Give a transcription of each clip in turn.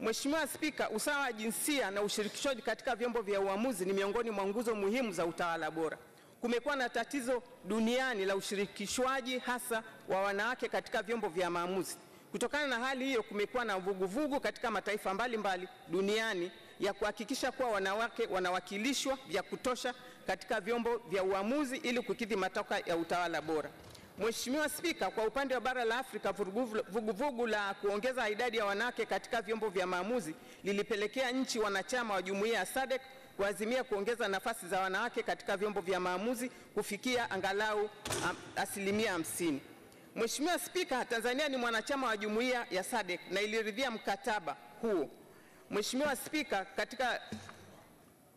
Mheshimiwa Spika, usawa wa jinsia na ushirikishwaji katika vyombo vya uamuzi ni miongoni mwa nguzo muhimu za utawala bora. Kumekuwa na tatizo duniani la ushirikishwaji hasa wa wanawake katika vyombo vya maamuzi. Kutokana na hali hiyo, kumekuwa na vuguvugu vugu katika mataifa mbalimbali mbali duniani ya kuhakikisha kuwa wanawake wanawakilishwa vya kutosha katika vyombo vya uamuzi ili kukidhi matakwa ya utawala bora. Mheshimiwa Spika, kwa upande wa bara la Afrika, vuguvugu vugu la kuongeza idadi ya wanawake katika vyombo vya maamuzi lilipelekea nchi wanachama wa jumuiya ya SADC kuazimia kuongeza nafasi za wanawake katika vyombo vya maamuzi kufikia angalau asilimia hamsini. Mheshimiwa Spika, Tanzania ni mwanachama wa jumuiya ya SADC na iliridhia mkataba huo. Mheshimiwa Spika, katika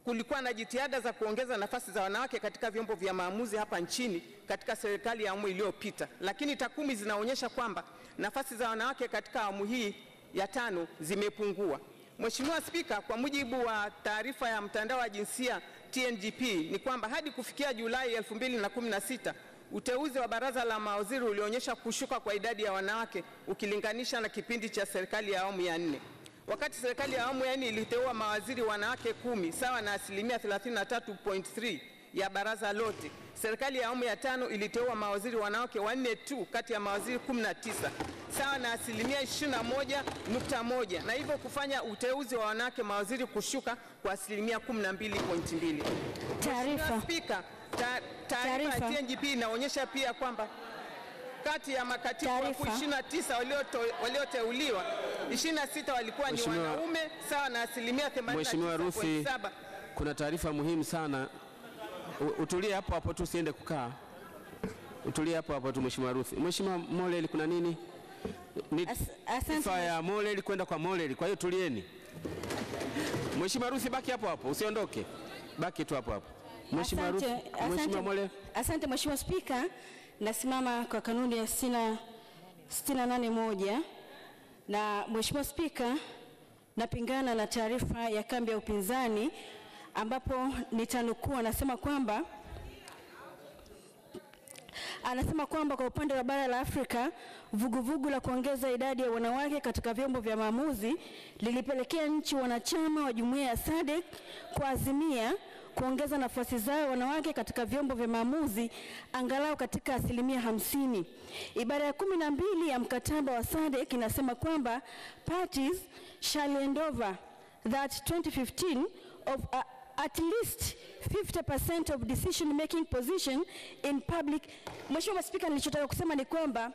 kulikuwa na jitihada za kuongeza nafasi za wanawake katika vyombo vya maamuzi hapa nchini katika serikali ya awamu iliyopita, lakini takwimu zinaonyesha kwamba nafasi za wanawake katika awamu hii ya tano zimepungua. Mheshimiwa Spika, kwa mujibu wa taarifa ya mtandao wa jinsia TNGP ni kwamba hadi kufikia Julai 2016 uteuzi wa baraza la mawaziri ulionyesha kushuka kwa idadi ya wanawake ukilinganisha na kipindi cha serikali ya awamu ya nne. Wakati serikali ya awamu ya nne iliteua mawaziri wanawake kumi sawa na asilimia 33.3 ya baraza lote, serikali ya awamu ya tano iliteua mawaziri wanawake wanne tu kati ya mawaziri 19 sawa na asilimia 21.1 na hivyo kufanya uteuzi wa wanawake mawaziri kushuka kwa asilimia 12.2. Taarifa Spika, taarifa ya cngp inaonyesha pia kwamba kati ya makatibu wakuu 29 walioteuliwa 26 walikuwa ni wanaume sawa na asilimia 89. Mheshimiwa Rufi, kuna taarifa muhimu sana. Utulie hapo hapo tu, usiende kukaa. Utulie hapo hapo tu, Mheshimiwa Rufi. Mheshimiwa Molel, kuna nini? Ni sifa ya Molel kwenda kwa Moleli, kwa hiyo tulieni. Mheshimiwa Rufi, baki hapo hapo, usiondoke, baki tu hapo hapo. Mheshimiwa Rufi, Mheshimiwa Moleli. Asante Mheshimiwa Spika nasimama kwa kanuni ya 681 na nane moja na Mheshimiwa Spika, napingana na taarifa ya kambi ya upinzani ambapo nitanukua, nasema kwamba anasema kwamba kwa upande wa bara la Afrika vuguvugu vugu la kuongeza idadi ya wanawake katika vyombo vya maamuzi lilipelekea nchi wanachama wa jumuiya ya SADC kuazimia kuongeza nafasi zao wanawake katika vyombo vya maamuzi angalau katika asilimia hamsini. Ibara ya kumi na mbili ya mkataba wa SADC inasema kwamba parties shall hand over that 2015 of a, uh, at least 50% of decision making position in public. Mheshimiwa Spika, nilichotaka kusema ni kwamba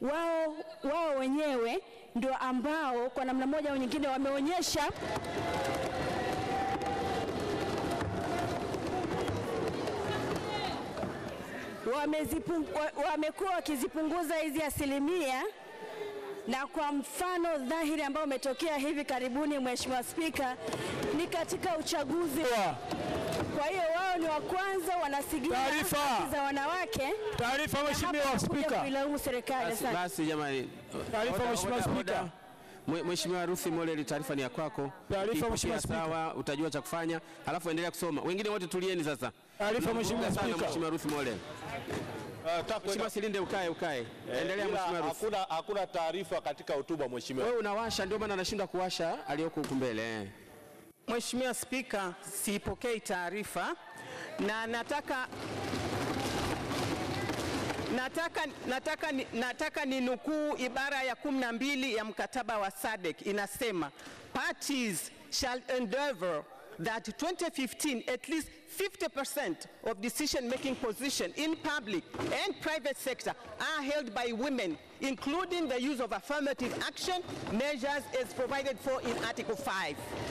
wao wao wenyewe ndio ambao kwa namna moja au nyingine wameonyesha wamekuwa wakizipunguza hizi asilimia, na kwa mfano dhahiri ambao umetokea hivi karibuni, Mheshimiwa Spika, ni katika uchaguzi. Kwa hiyo wao ni wa kwanza wanasigia haki za wanawake. Taarifa Mheshimiwa Spika. Kuilaumu serikali. Basi jamani, taarifa Mheshimiwa Spika. Mheshimiwa Ruthi Moleli, taarifa ni ya kwako. Taarifa Mheshimiwa Spika. Sawa, utajua cha kufanya, alafu endelea kusoma. Wengine wote tulieni sasa. Taarifa Mheshimiwa Spika. Mheshimiwa Ruthi Moleli. Uh, Mheshimiwa Silinde ukae ukae. Eh, Endelea Mheshimiwa Ruthi. Hakuna hakuna taarifa katika hotuba Mheshimiwa. Wewe unawasha ndio maana anashindwa kuwasha aliyoko huku mbele. Eh. Mheshimiwa Spika, sipokei taarifa na nataka Nataka, nataka, nataka ni nukuu ibara ya kumi na mbili ya mkataba wa SADC inasema, parties shall endeavor that 2015 at least 50% of decision making position in public and private sector are held by women including the use of affirmative action measures as provided for in Article 5.